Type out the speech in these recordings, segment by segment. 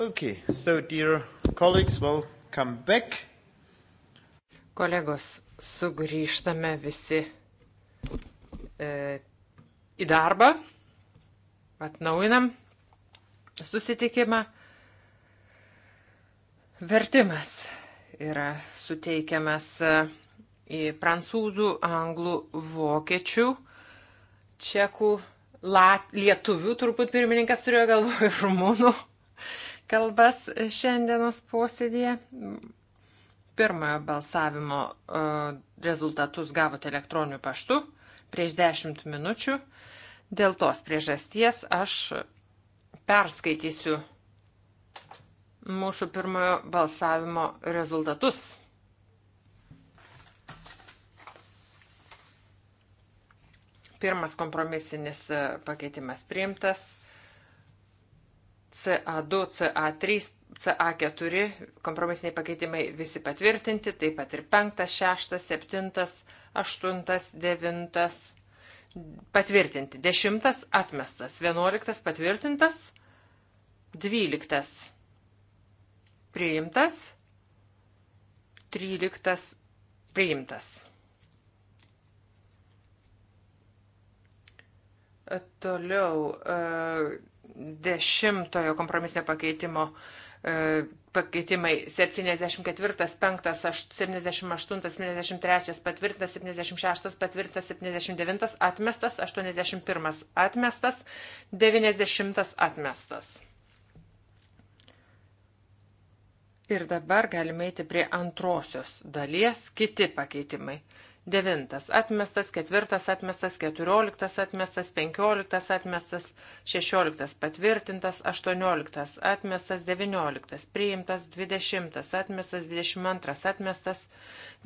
Okay, so dear colleagues, welcome back. Kolegos, sugrįžtame visi e, į darbą, atnaujinam susitikimą. Vertimas yra suteikiamas e, į prancūzų, anglų, vokiečių, čekų, lat, lietuvių, turbūt pirmininkas turėjo galvoje, rumunų kalbas šiandienos posėdėje. Pirmojo balsavimo e, rezultatus gavote elektroniniu paštu prieš 10 minučių. Dėl tos priežasties aš perskaitysiu mūsų pirmojo balsavimo rezultatus. Pirmas kompromisinis e, pakeitimas priimtas. CA2, CA3, CA4 kompromisiniai pakeitimai visi patvirtinti, taip pat ir 5, 6, 7, 8, 9 patvirtinti, 10 atmestas, 11 patvirtintas, 12 priimtas, 13 priimtas. Toliau e, dešimtojo kompromisinio pakeitimo e, pakeitimai 74, 5, 78, 73 patvirtintas, 76 patvirtintas, 79 atmestas, 81 atmestas, 90 atmestas. Ir dabar galime eiti prie antrosios dalies, kiti pakeitimai. Devintas atmestas, ketvirtas atmestas, keturioliktas atmestas, penkioliktas atmestas, šešioliktas patvirtintas, aštuonioliktas atmestas, devynioliktas priimtas, dvidešimtas atmestas, dvidešimt antras atmestas,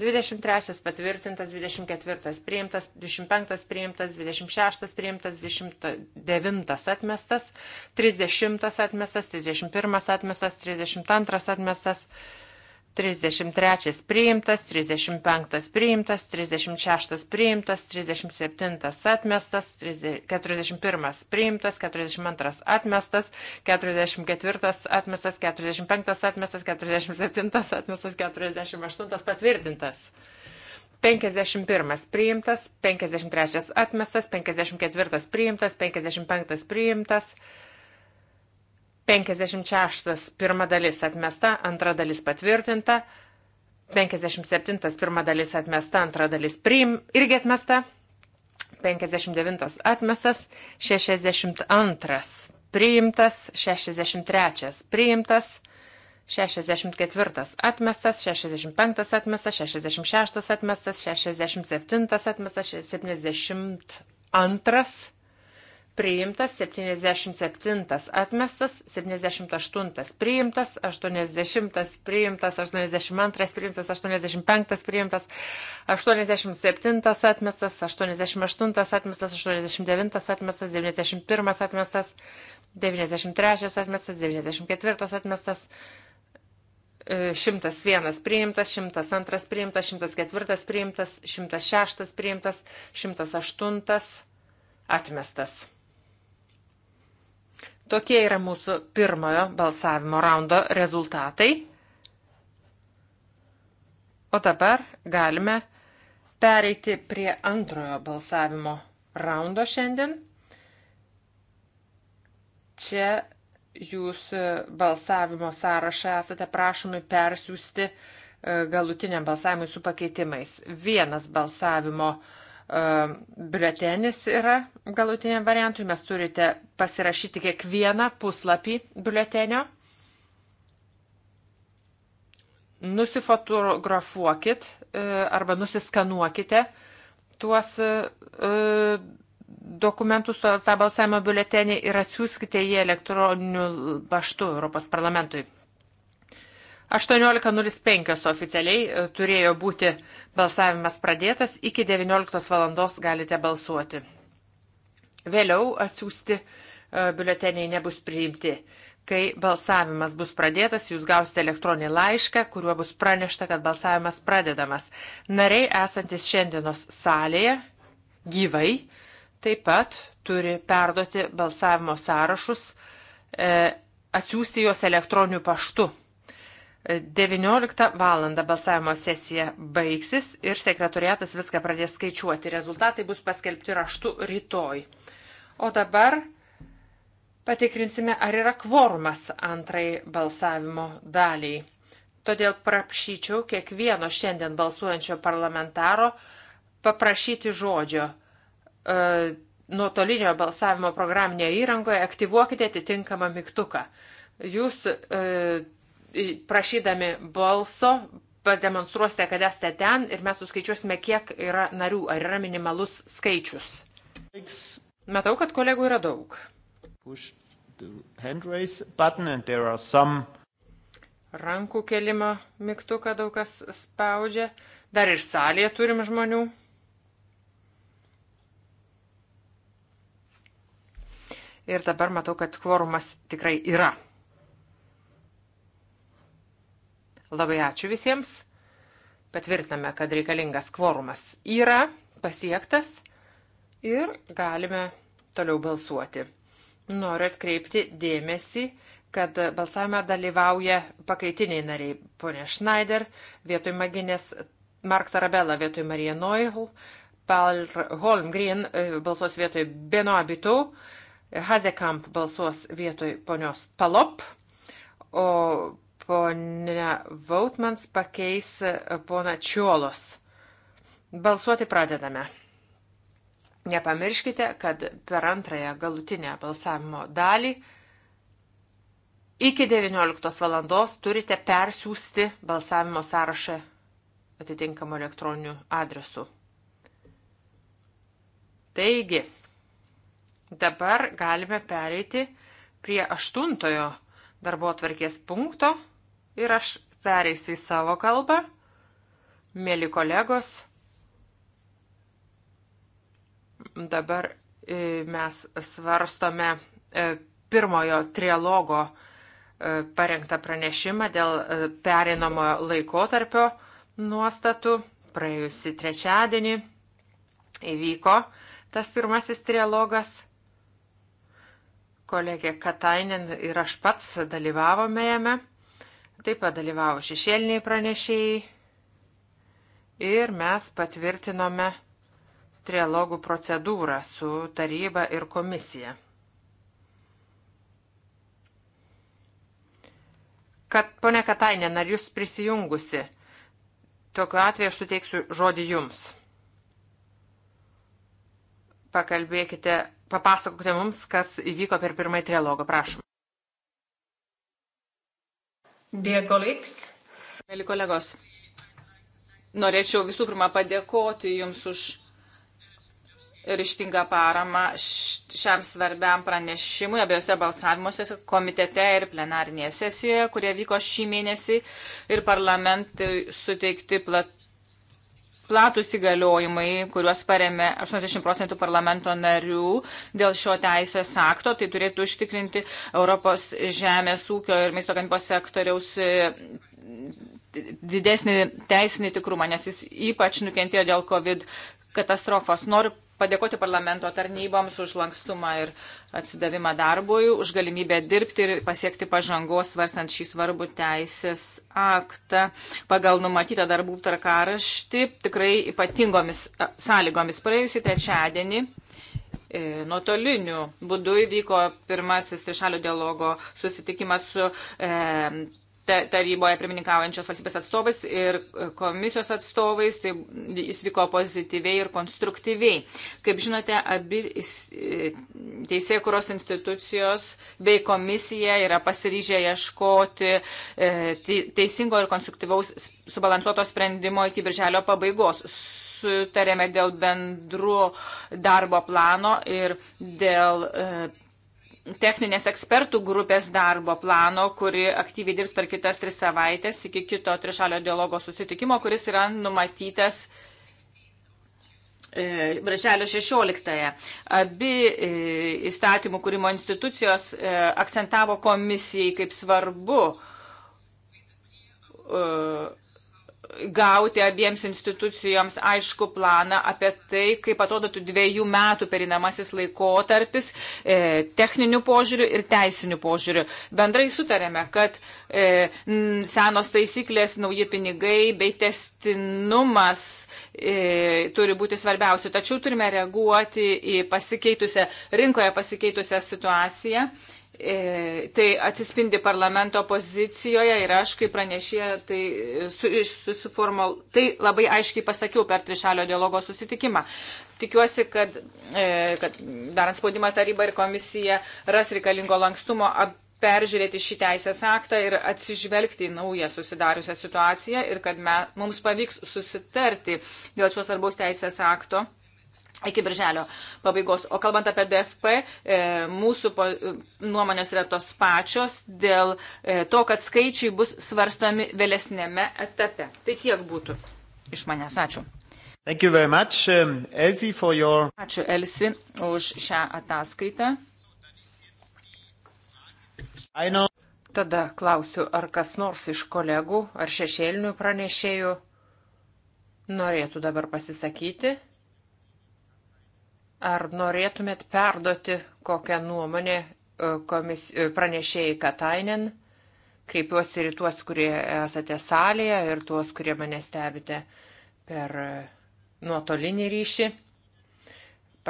dvidešimt trečias patvirtintas, dvidešimt ketvirtas priimtas, dvidešimt penktas priimtas, dvidešimt šeštas priimtas, dvidešimt devintas atmestas, trisdešimtas atmestas, trisdešimt pirmas atmestas, trisdešimt antras atmestas. 31 atmestas 33 priimtas, 35 priimtas, 36 priimtas, 37 atmestas, 41 priimtas, 42 atmestas, 44 atmestas, 45 atmestas, 47 atmestas, 48 patvirtintas. 51 priimtas, 53 atmestas, 54 priimtas, 55 priimtas. 56 pirma dalis atmesta, antra dalis patvirtinta. 57 pirma dalis atmesta, antra dalis priim, irgi atmesta. 59 atmestas, 62 priimtas, 63 priimtas, 64 atmestas, 65 atmestas, 66 atmestas, 67 atmestas, 72 priimtas 77, atmestas 78, priimtas 80, priimtas 82, priimtas 85, priimtas 87, atmestas 88, atmestas 89, atmestas 91, atmestas 93, atmestas 94, atmestas 101 e, priimtas, 102 priimtas, 104 priimtas, 106 priimtas, 108 atmestas. Tokie yra mūsų pirmojo balsavimo raundo rezultatai. O dabar galime pereiti prie antrojo balsavimo raundo šiandien. Čia jūs balsavimo sąrašą esate prašomi persiųsti e, galutiniam balsavimui su pakeitimais. Vienas balsavimo uh, E, biuletenis yra galutiniam variantui. Mes turite pasirašyti kiekvieną puslapį biuletenio. Nusifotografuokit e, arba nusiskanuokite tuos e, dokumentus, tą balsavimo biuletenį ir atsiųskite jį elektroniniu paštu Europos parlamentui. 18.05 oficialiai e, turėjo būti balsavimas pradėtas, iki 19 valandos galite balsuoti. Vėliau atsiųsti e, biuleteniai nebus priimti. Kai balsavimas bus pradėtas, jūs gausite elektroninį laišką, kuriuo bus pranešta, kad balsavimas pradedamas. Nariai esantis šiandienos salėje gyvai taip pat turi perduoti balsavimo sąrašus, e, atsiųsti juos elektroniniu paštu 19 val. balsavimo sesija baigsis ir sekretoriatas viską pradės skaičiuoti. Rezultatai bus paskelbti raštu rytoj. O dabar patikrinsime, ar yra kvorumas antrai balsavimo daliai. Todėl prašyčiau kiekvieno šiandien balsuojančio parlamentaro paprašyti žodžio. E, nuotolinio balsavimo programinėje įrangoje aktyvuokite atitinkamą mygtuką. Jūs e, prašydami balso pademonstruosite, kad esate ten ir mes suskaičiuosime, kiek yra narių, ar yra minimalus skaičius. Matau, kad kolegų yra daug. Some... Rankų kelimo mygtuką daug kas spaudžia. Dar ir salėje turim žmonių. Ir dabar matau, kad kvorumas tikrai yra. Labai ačiū visiems. Patvirtiname, kad reikalingas kvorumas yra pasiektas ir galime toliau balsuoti. Noriu atkreipti dėmesį, kad balsavime dalyvauja pakaitiniai nariai ponė Schneider, vietoj Maginės Mark Tarabella, vietoj Marija Noihl, Paul Holmgren e, balsuos vietoj Beno Abitų, Hazekamp balsuos vietoj ponios Palop, o Pone Vautmans pakeis e, pona Čiolos. Balsuoti pradedame. Nepamirškite, kad per antrąją galutinę balsavimo dalį iki 19 valandos turite persiųsti balsavimo sąrašą atitinkamu elektroniniu adresu. Taigi, dabar galime pereiti prie aštuntojo darbo atvarkės punkto – ir aš pereisiu į savo kalbą. Mėly kolegos, dabar e, mes svarstome e, pirmojo trialogo e, parengtą pranešimą dėl perinamojo laikotarpio nuostatų. Praėjusi trečiadienį įvyko tas pirmasis trialogas kolegė Katainen ir aš pats dalyvavome jame. Taip pat dalyvavo šešėliniai pranešėjai ir mes patvirtinome trialogų procedūrą su taryba ir komisija. Kad, pone Katainen, ar jūs prisijungusi? Tokiu atveju aš suteiksiu žodį jums. Pakalbėkite, papasakokite mums, kas įvyko per pirmąjį trialogą, prašom. Dear colleagues. Mėly kolegos, norėčiau visų pirma padėkoti Jums už ryštingą paramą šiam svarbiam pranešimui abiejose balsavimuose komitete ir plenarinėje sesijoje, kurie vyko šį mėnesį ir parlamentui suteikti plat, platus įgaliojimai, kuriuos paremė 80 procentų parlamento narių dėl šio teisės akto. Tai turėtų užtikrinti Europos žemės ūkio ir maisto gamybos sektoriaus e, didesnį teisinį tikrumą, nes jis ypač nukentėjo dėl COVID katastrofos. Noriu padėkoti parlamento tarnyboms už lankstumą ir atsidavimą darbui, už galimybę dirbti ir pasiekti pažangos, svarstant šį svarbų teisės aktą pagal numatytą darbų tvarkaraštį, tikrai ypatingomis sąlygomis. Praėjusį trečiadienį e, nuotoliniu būdu įvyko pirmasis trišalio dialogo susitikimas su e, taryboje pirmininkaujančios valstybės atstovais ir e, komisijos atstovais, tai jis vyko pozityviai ir konstruktyviai. Kaip žinote, abi e, teisėjų kuros institucijos bei komisija yra pasiryžę ieškoti e, teisingo ir konstruktyvaus subalansuoto sprendimo iki birželio pabaigos sutarėme dėl bendrų darbo plano ir dėl techninės ekspertų grupės darbo plano, kuri aktyviai dirbs per kitas tris savaitės iki kito trišalio dialogo susitikimo, kuris yra numatytas e, Brželio 16-ąją. Abi e, įstatymų kūrimo institucijos e, akcentavo komisijai kaip svarbu gauti abiems institucijoms aišku planą apie tai, kaip atrodytų dviejų metų perinamasis laikotarpis e, techninių požiūrių ir teisinių požiūrių. Bendrai sutarėme, kad e, senos taisyklės, nauji pinigai bei testinumas e, turi būti svarbiausi, tačiau turime reaguoti į pasikeitusią, rinkoje pasikeitusią situaciją E, tai atsispindi parlamento pozicijoje ir aš, kaip pranešė, tai, e, su, susiformal, tai labai aiškiai pasakiau per trišalio dialogo susitikimą. Tikiuosi, kad, e, kad darant spaudimą taryba ir komisija ras reikalingo lankstumo peržiūrėti šį teisės aktą ir atsižvelgti į naują susidariusią situaciją ir kad me, mums pavyks susitarti dėl šios svarbaus teisės akto iki birželio pabaigos. O kalbant apie DFP, e, mūsų e, nuomonės yra tos pačios dėl e, to, kad skaičiai bus svarstomi vėlesnėme etape. Tai tiek būtų iš manęs. Ačiū. Thank you very much, um, Elsie, for your... Ačiū, Elsi, už šią ataskaitą. Tada klausiu, ar kas nors iš kolegų ar šešėlinių pranešėjų norėtų dabar pasisakyti. Ar norėtumėt perduoti kokią nuomonę e, komis, e, pranešėjai Katainen? Kreipiuosi ir tuos, kurie esate salėje, ir tuos, kurie mane stebite per e, nuotolinį ryšį.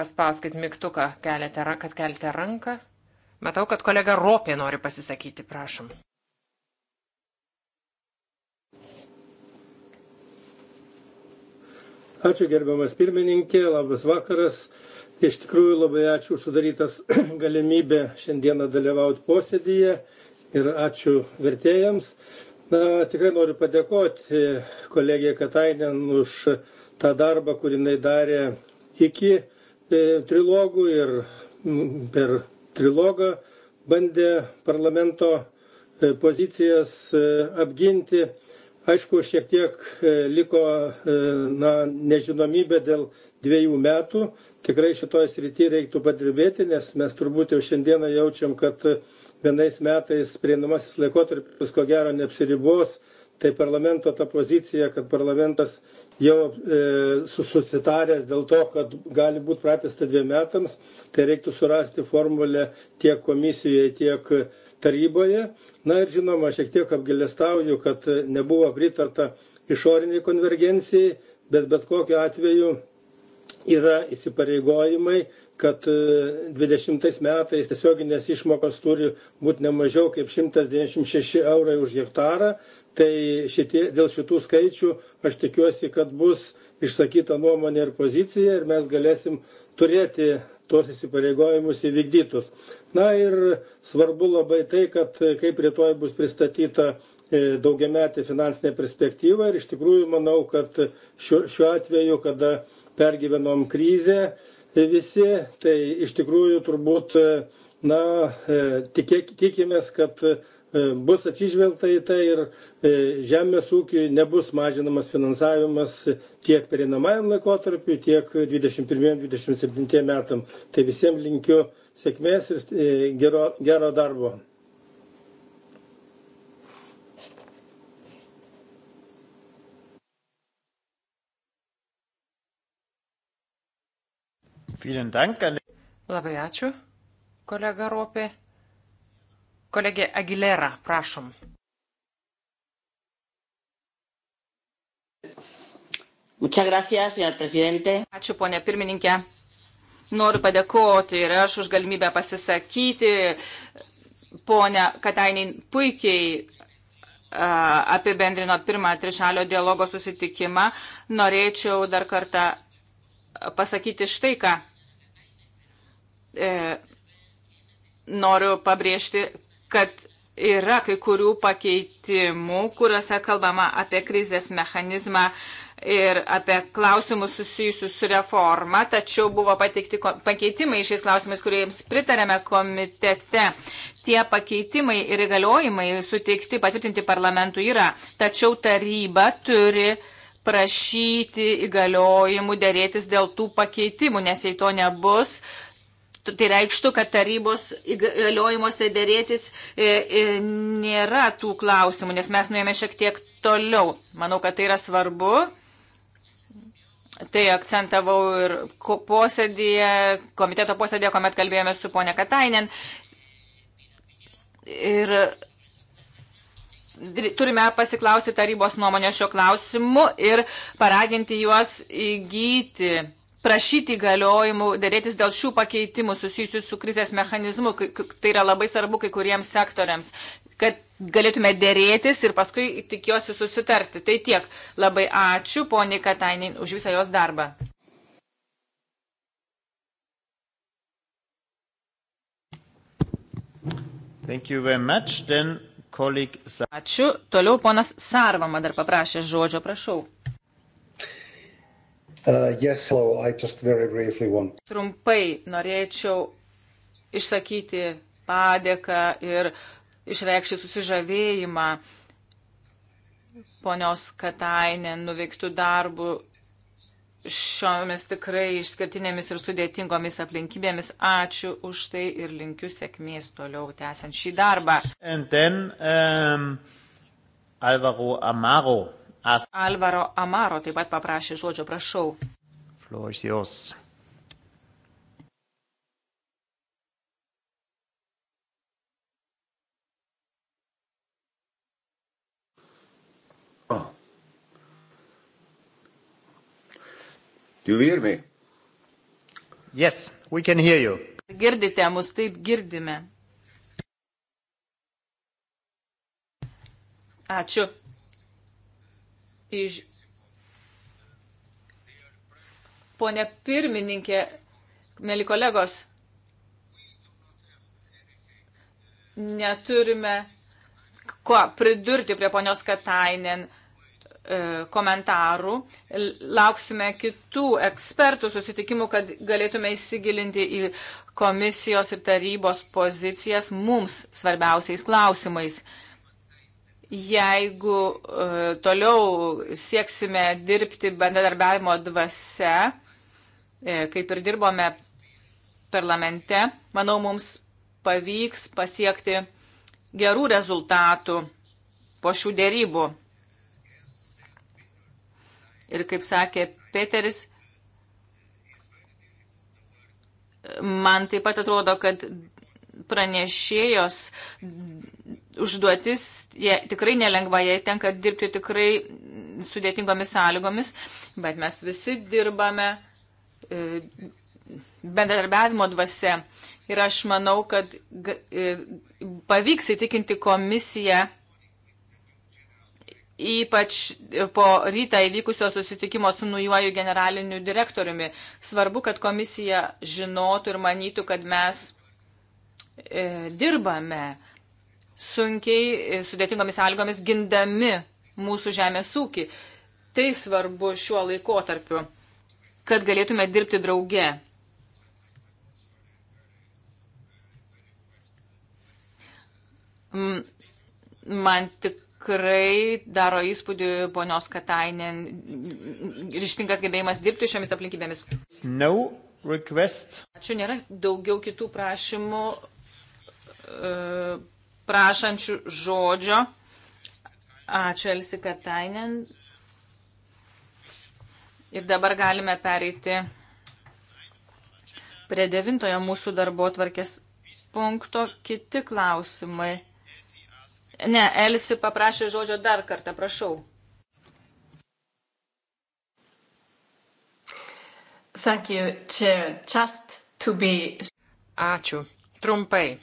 Paspauskit mygtuką, keliate, kad kelite ranką. Matau, kad kolega Ropė nori pasisakyti, prašom. Ačiū gerbiamas pirmininkė, labas vakaras. Tai iš tikrųjų labai ačiū sudarytas galimybė šiandieną dalyvauti posėdyje ir ačiū vertėjams. Na, tikrai noriu padėkoti kolegijai Katainen už tą darbą, kurį jinai darė iki e, trilogų ir per trilogą bandė parlamento e, pozicijas e, apginti. Aišku, šiek tiek liko na, nežinomybė dėl dviejų metų, tikrai šitoj srity reiktų padirbėti nes mes turbūt jau šiandieną jaučiam kad vienais metais pereinamasis laikotarpis ko gero neapsiribos tai parlamento ta pozicija kad parlamentas jau e, susitaręs dėl to kad gali būt pratęsta dviem metams tai reiktų surasti formulę tiek komisijoje tiek taryboje na ir žinoma šiek tiek apgailestauju kad nebuvo pritarta išorinei konvergencijai bet bet kokiu atveju yra įsipareigojimai kad 20 e, metais tiesioginės išmokos turi būti ne mažiau kaip 196 eurai už hektarą. Tai šitie, dėl šitų skaičių aš tikiuosi, kad bus išsakyta nuomonė ir pozicija ir mes galėsim turėti tuos įsipareigojimus įvykdytus. Na ir svarbu labai tai, kad kaip rytoj bus pristatyta e, daugiametė finansinė perspektyva ir iš tikrųjų manau, kad šiuo, šiuo atveju, kada pergyvenom krizę tai visi, tai iš tikrųjų turbūt, e, na, e, tikėk, tikimės, kad e, bus atsižvelgta į tai ir žemės ūkiui nebus mažinamas finansavimas tiek perinamajam laikotarpiu, tiek 21-27 metam. Tai visiems linkiu sėkmės ir gero, gero darbo. Labai ačiū, kolega Ropė. Kolegė Aguilera, prašom. Gracias, Ačiū, ponė pirmininkė. Noriu padėkoti ir aš už galimybę pasisakyti. Pone Katainiai puikiai apibendrino pirmą trišalio dialogo susitikimą. Norėčiau dar kartą pasakyti štai ką. E, noriu pabrėžti, kad yra kai kurių pakeitimų, kuriuose kalbama apie krizės mechanizmą ir apie klausimus susijusius su reforma, tačiau buvo pateikti pakeitimai šiais klausimais, kuriems pritarėme komitete. Tie pakeitimai ir įgaliojimai suteikti patvirtinti parlamentų yra, tačiau taryba turi uh, prašyti įgaliojimų dėrėtis dėl tų pakeitimų, nes jei to nebus, tai reikštų, kad tarybos įgaliojimuose dėrėtis e, e, nėra tų klausimų, nes mes nuėjome šiek tiek toliau. Manau, kad tai yra svarbu. Tai akcentavau ir posėdėje, komiteto posėdėje, kuomet kalbėjome su ponia Katainen. Ir turime pasiklausti tarybos nuomonės šio klausimu ir paraginti juos įgyti prašyti galiojimų, dėrėtis dėl šių pakeitimų susijusių su krizės mechanizmu. Tai yra labai svarbu kai kuriems sektoriams, kad galėtume dėrėtis ir paskui tikiuosi susitarti. Tai tiek. Labai ačiū poniai Katainin už visą jos darbą. Thank you very much. Then Ačiū. Toliau ponas Sarvama dar paprašė žodžio, prašau. Uh, yes, hello. I just very briefly want. Trumpai norėčiau išsakyti padėką ir išreikšti susižavėjimą ponios Katainė nuveiktų darbų šiomis tikrai išskirtinėmis ir sudėtingomis aplinkybėmis. Ačiū už tai ir linkiu sėkmės toliau tęsiant šį darbą. And then, um, Alvaro Amaro. As... Alvaro Amaro taip pat paprašė žodžio, prašau. Floor is yours. Do you hear me? Yes, we can hear you. Girdite mus, taip girdime. Ačiū. Iš... Pone pirmininkė, mėly kolegos, neturime ko pridurti prie ponios Katainen. Uh, E, komentarų. Lauksime kitų ekspertų susitikimų, kad galėtume įsigilinti į komisijos ir tarybos pozicijas mums svarbiausiais klausimais. Jeigu uh, toliau sieksime dirbti bendradarbiavimo dvasia, e, kaip ir dirbome parlamente, manau, mums pavyks pasiekti gerų rezultatų po šių dėrybų. Ir kaip sakė Peteris, man taip pat atrodo, kad pranešėjos užduotis jie, tikrai nelengva, jai tenka dirbti tikrai sudėtingomis sąlygomis, bet mes visi dirbame e, bendradarbiavimo dvasia. Ir aš manau, kad e, pavyks įtikinti komisiją ypač po rytą įvykusio susitikimo su nujuoju generaliniu direktoriumi. Svarbu, kad komisija žinotų ir manytų, kad mes e, dirbame sunkiai, e, sudėtingomis sąlygomis, gindami mūsų žemės ūkį. Tai svarbu šiuo laikotarpiu, kad galėtume dirbti drauge. Man tik tikrai daro įspūdį ponios Katainen ryštingas gebėjimas dirbti šiomis aplinkybėmis. No request. Ačiū, nėra daugiau kitų prašymų, e, prašančių žodžio. Ačiū, Elsi Katainen. Ir dabar galime pereiti prie devintojo mūsų darbo tvarkės punkto kiti klausimai. Ne, Elsi paprašė žodžio dar kartą, prašau. Thank you, Chair. Just to be. Ačiū. Trumpai.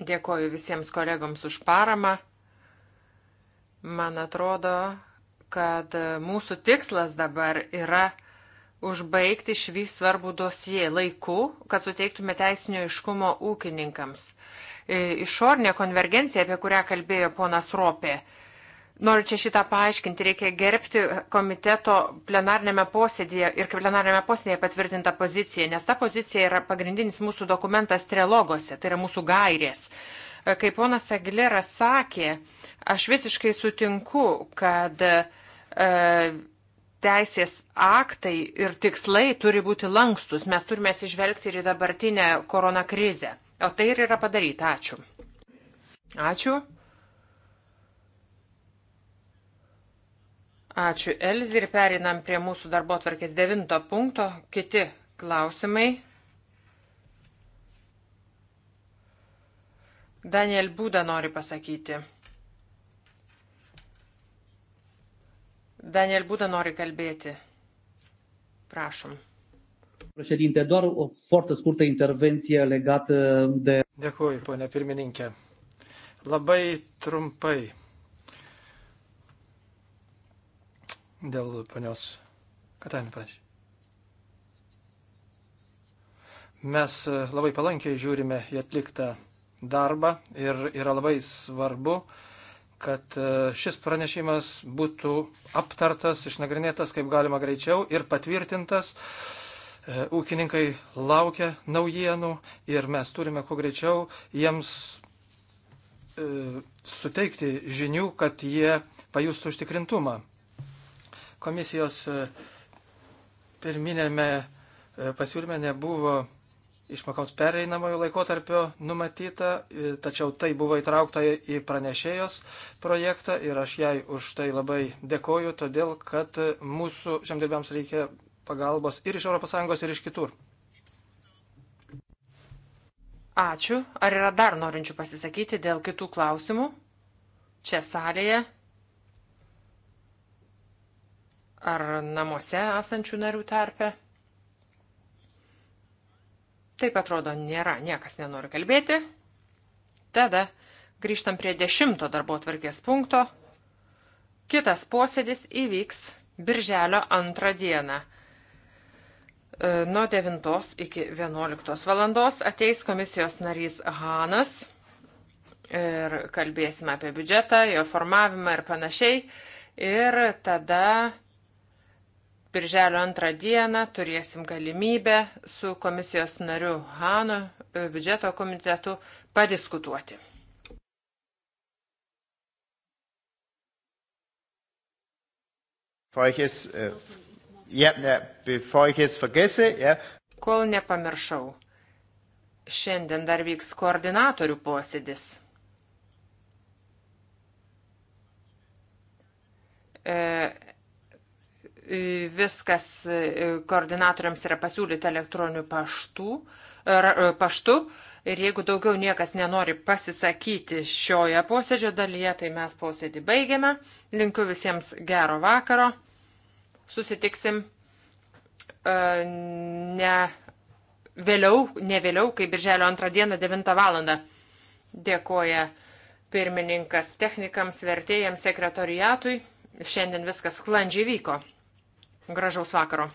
Dėkoju visiems kolegoms už paramą. Man atrodo, kad mūsų tikslas dabar yra užbaigti šį svarbų dosiją laiku, kad suteiktume teisinio iškumo ūkininkams. E, išornė konvergencija, apie kurią kalbėjo ponas Ropė. Noriu čia šitą paaiškinti, reikia gerbti komiteto plenarnėme posėdėje ir plenarnėme posėdėje patvirtintą poziciją, nes ta pozicija yra pagrindinis mūsų dokumentas trilogose, tai yra mūsų gairės. E, kaip ponas Agileras sakė, aš visiškai sutinku, kad e, teisės aktai ir tikslai turi būti lankstus, mes turime atsižvelgti ir į dabartinę korona krizę. O tai ir yra padaryta. Ačiū. Ačiū. Ačiū Elzi ir perinam prie mūsų darbo tvarkės devinto punkto. Kiti klausimai. Daniel Būda nori pasakyti. Daniel Būda nori kalbėti. Prašom. Președinte, doar o foarte scurtă intervenție legată de. Dėkuoju, ponia pirmininkė. Labai trumpai dėl ponios Katainų prašymų. Mes labai palankiai žiūrime į atliktą darbą ir yra labai svarbu, kad e, šis pranešimas būtų aptartas, išnagrinėtas kaip galima greičiau ir patvirtintas uh, E, ūkininkai laukia naujienų ir mes turime kuo greičiau jiems e, suteikti žinių, kad jie pajustų užtikrintumą. Komisijos e, pirminėme pasiūlyme nebuvo išmokoms pereinamojo laikotarpio numatyta, tačiau tai buvo įtraukta į pranešėjos projektą ir aš jai už tai labai dėkoju, todėl kad mūsų žemdirbėms reikia pagalbos ir iš ES, ir iš kitur. Ačiū. Ar yra dar norinčių pasisakyti dėl kitų klausimų? Čia salėje? Ar namuose esančių narių tarpe? Taip atrodo, nėra, niekas nenori kalbėti. Tada grįžtam prie dešimto darbo tvarkės punkto. Kitas posėdis įvyks Birželio antrą dieną. E, nuo 9 iki 11 valandos ateis komisijos narys Hanas ir kalbėsime apie biudžetą, jo formavimą ir panašiai. Ir tada Birželio antrą dieną turėsim galimybę su komisijos nariu Hanu e, biudžeto komitetu padiskutuoti. Feuches, äh, Ja, ne, bevor ich es vergesse, ja. Kol nepamiršau. Šiandien dar vyks koordinatorių posėdis. E, e viskas e, koordinatoriams yra pasiūlyta elektroniniu paštu, e, paštu. Ir jeigu daugiau niekas nenori pasisakyti šioje posėdžio dalyje, tai mes posėdį baigiame. Linkiu visiems gero vakaro susitiksim e, ne vėliau, ne vėliau, kaip birželio antrą dieną 9 val. Dėkoja pirmininkas technikams, vertėjams, sekretoriatui. Šiandien viskas sklandžiai vyko. Gražaus vakaro.